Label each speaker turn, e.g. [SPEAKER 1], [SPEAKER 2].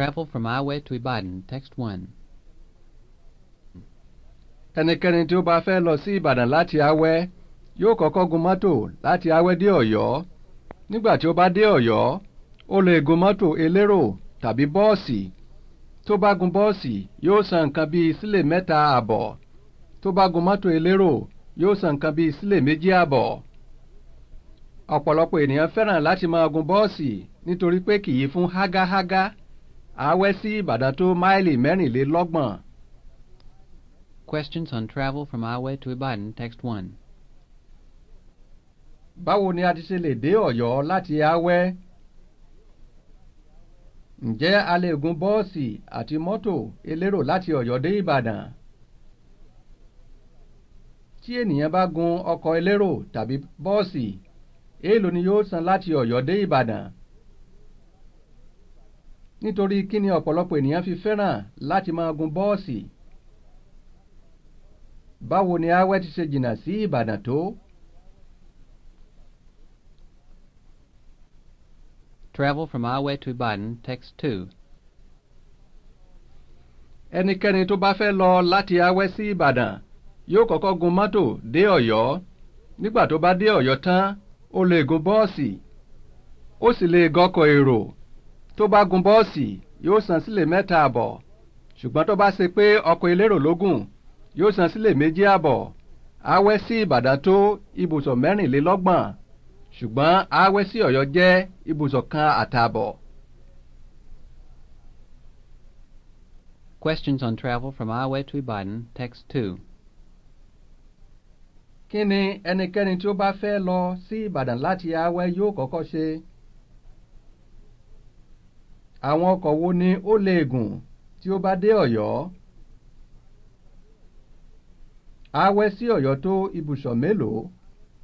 [SPEAKER 1] Travel from Iowa to Ibadan, text one. ẹnikẹ́ni tí ó bá fẹ́ lọ sí Ìbàdàn láti Awẹ́ yóò kọ́kọ́ gun mọ́tò láti Awẹ́ dé Ọ̀yọ́ nígbà tí ó bá dé Ọ̀yọ́ ó lè gun mọ́tò elérò tàbí bọ́ọ̀sì tó bá gun bọ́ọ̀sì yóò san nǹkan bíi sílè mẹ́ta àbọ̀ tó bá gun mọ́tò elérò yóò san nǹkan bíi sílè méjì àbọ̀ ọ̀pọ̀lọpọ̀ ènìyàn fẹ́ràn láti máa gun bọ́ọ̀sì nítorí pé kì í fún hágáhágá. Haga, haga a wẹ́ sí Ìbàdàn tó máìlì mẹ́rìnlélọ́gbọ̀n. Questions on travel from Awe to Ibadan, text one. Báwo ni a ti ṣe lè dé Ọ̀yọ́ láti Awẹ́? Ǹjẹ́ a lè gun bọ́ọ̀sì àti mọ́tò elérò láti Ọ̀yọ́ dé Ìbàdàn? Tí ènìyàn bá gun ọkọ̀ elérò tàbí bọ́ọ̀sì, èèlò ni yóò san láti Ọ̀yọ́ dé Ìbàdàn? nítorí kíni ọ̀pọ̀lọpọ̀ ènìyàn fi fẹ́ràn láti máa gun bọ́ọ̀sì báwo ni awẹ́ ti ṣe jìnnà sí Ìbàdàn tó. Travel from Awe to Ibadan, text two. Ẹnikẹ́ni tó bá fẹ́ lọ láti Awẹ́ sí Ìbàdàn yóò kọ́kọ́ gun mọ́tò dé Ọ̀yọ́ nígbà tó bá dé Ọ̀yọ́ tán ó lè gun bọ́ọ̀sì ó sì lè gọkọ̀ èrò tó bá gun bọ́ọ̀sì yóò san sílẹ̀ mẹ́ta àbọ̀ ṣùgbọ́n tó bá ṣe pé ọkọ̀ elérò lógùn yóò san sílẹ̀ méjì àbọ̀ awẹ́ sí ìbàdàn tó ibùsọ̀ mẹ́rìnlélọ́gbọ̀n ṣùgbọ́n awẹ́ sí ọ̀yọ́ jẹ́ ibùsọ̀ kan àtààbọ̀. Questions on travel from Awe to Ibadan, text two. Kí ni ẹnikẹ́ni tí ó bá fẹ́ lọ sí Ìbàdàn láti Awẹ́ yóò kọ́kọ́ ṣe? Àwọn ọkọ̀ wo ni ó leè gùn tí ó bá dé Ọ̀yọ́? Á sí Ọ̀yọ́ tó ibùsọ̀ mélòó?